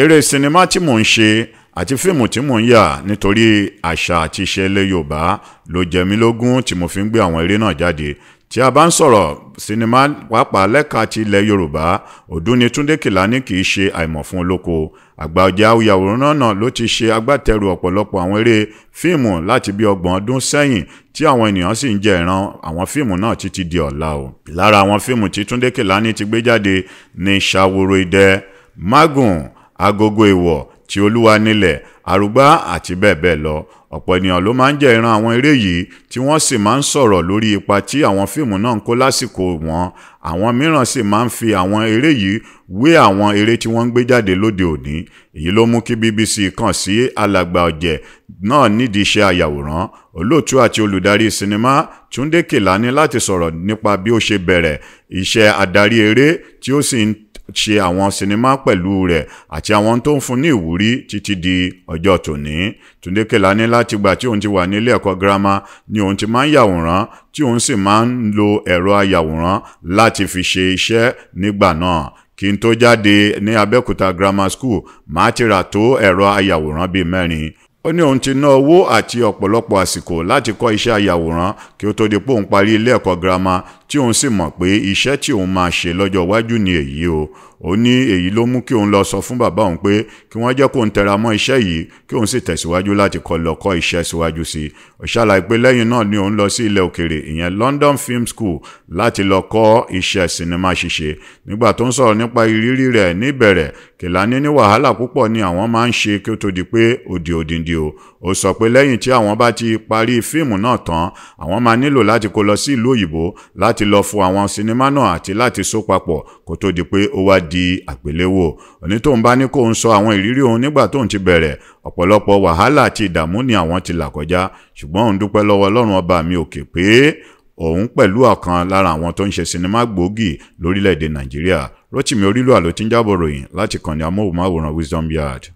eré sinimá tí mò ń ṣe àti fíìmù tí mò ń yà nítorí àṣà àti iṣẹ́ ilẹ̀ Yorùbá ló jẹ mí lógún tí mo fi ń gbé àwọn eré náà jáde tí a bá ń sọ̀rọ̀ sinimá pàápàá lẹ́ka ti ilẹ̀ Yorùbá ọdún ni Túndé Kèlání kì í ṣe àìmọ̀ fún olóko àgbà ọ̀jẹ̀ awuyàwòrán náà ló ti ṣe agbátẹrù ọ̀pọ̀lọpọ̀ àwọn eré fíìmù láti bí ọgbọ̀n ọdún sẹ́yìn tí àwọn ènìyàn sì ń jẹ ìran àwọn fíìmù náà títí di ọ̀la o lára àwọn fíìmù tí Túndé Kèlání ti gbé jáde ni Ṣàwòrò Idẹ Mágùn agogo ìwọ̀ tí olúwa nílẹ̀ àrùgbá àti bẹ́ẹ̀ bẹ́ẹ̀ lọ ọ̀pọ̀ ènìyàn ló máa ń jẹ́ ìran àwọn eré yìí tí wọ́n sì máa ń sọ̀rọ̀ lórí ipa tí àwọn fíìmù náà ń kó lásìkò wọn àwọn mìíràn sì máa ń fi àwọn eré yìí wé àwọn eré tí wọ́n ń gbé jáde lóde òní èyí ló mú kí BBC kàn sí alàgbà ọ̀jẹ̀ náà nídìí iṣẹ́ àyàwòrán olóòtú àti olùdarí sinimá Túndé Kèlání láti sọ̀rọ̀ nípa bí ó ṣe bẹ̀rẹ̀ iṣẹ́ adarí eré tí ó sì ń ṣe àwọn sinimá pẹ̀lú rẹ̀ àti àwọn tó ń fún ní ìwúrí títí di ọjọ́ tòní Túndé Kèlání látìgbà tí òun ti wà nílé ẹ̀kọ́ girama ni òun ti máa ń yàwòrán tí òun sì máa ń lo ẹ̀rọ ayàwòrán láti fi ṣe iṣẹ́ nígbà náà kí n tó jáde ní Abẹ́òkúta Grammar School màá ti rà tó ẹ̀rọ ayàwòrán bíi mẹ́rin ó ní òun ti ná owó àti ọ̀pọ̀lọpọ̀ àsìkò láti kọ́ iṣẹ́ ayàwòrán kí ó tó di pé òun parí ilé ẹ̀kọ́ girama tí òun sì mọ̀ pé iṣẹ́ tí òun máa ṣe lọ́jọ́ iwájú ni èyí o ó ní èyí ló mú kí òun lọ sọ fún bàbá òun pé kí wọ́n jẹ́ kó ń tẹra mọ́ iṣẹ́ yìí kí òun sì tẹ̀síwájú láti kọ́ lọ kọ́ iṣẹ́ síwájú sí i ó ṣàlàyé pé lẹ́yìn náà ni òun lọ sí ilẹ̀ òkèrè ìyẹn London Film School láti lọ kọ́ iṣẹ́ sinimá ṣíṣe nígbà tó ń sọ̀rọ̀ nípa ìrírí rẹ̀ níbẹ̀rẹ̀ Kèlání ní wàhálà púpọ̀ ni àwọn máa ń ṣe kí ó tó di pé òdì òdìndì o ó sọ pé lẹ́yìn tí àwọn bá ti parí fíìmù náà tán àwọn máa nílò láti kó lọ sí ìlú òyìnbó láti lọ fún àwọn sinimá náà àti láti so papọ̀ kó tó di pé ó wá di àgbéléwò onítòun bá ní kó ń sọ àwọn ìrírí òun nígbà tóun ti bẹ̀rẹ̀ ọ̀pọ̀lọpọ̀ wàhálà àti ìdààmú ni àwọn ti là kọjá ṣùgbọ́n òun dúpẹ́ lọ́wọ́ ọlọ́run ọba mi òkè pé òun pẹ̀lú ọ̀kan lára àwọn tó ń ṣe sinimá gbòógì lórílẹ̀‐èdè nàìjíríà rotimi orílùwà ló ti ń jábọ̀ ròyìn láti kàn ní amóhùnmáwòrán Wisdom Yard.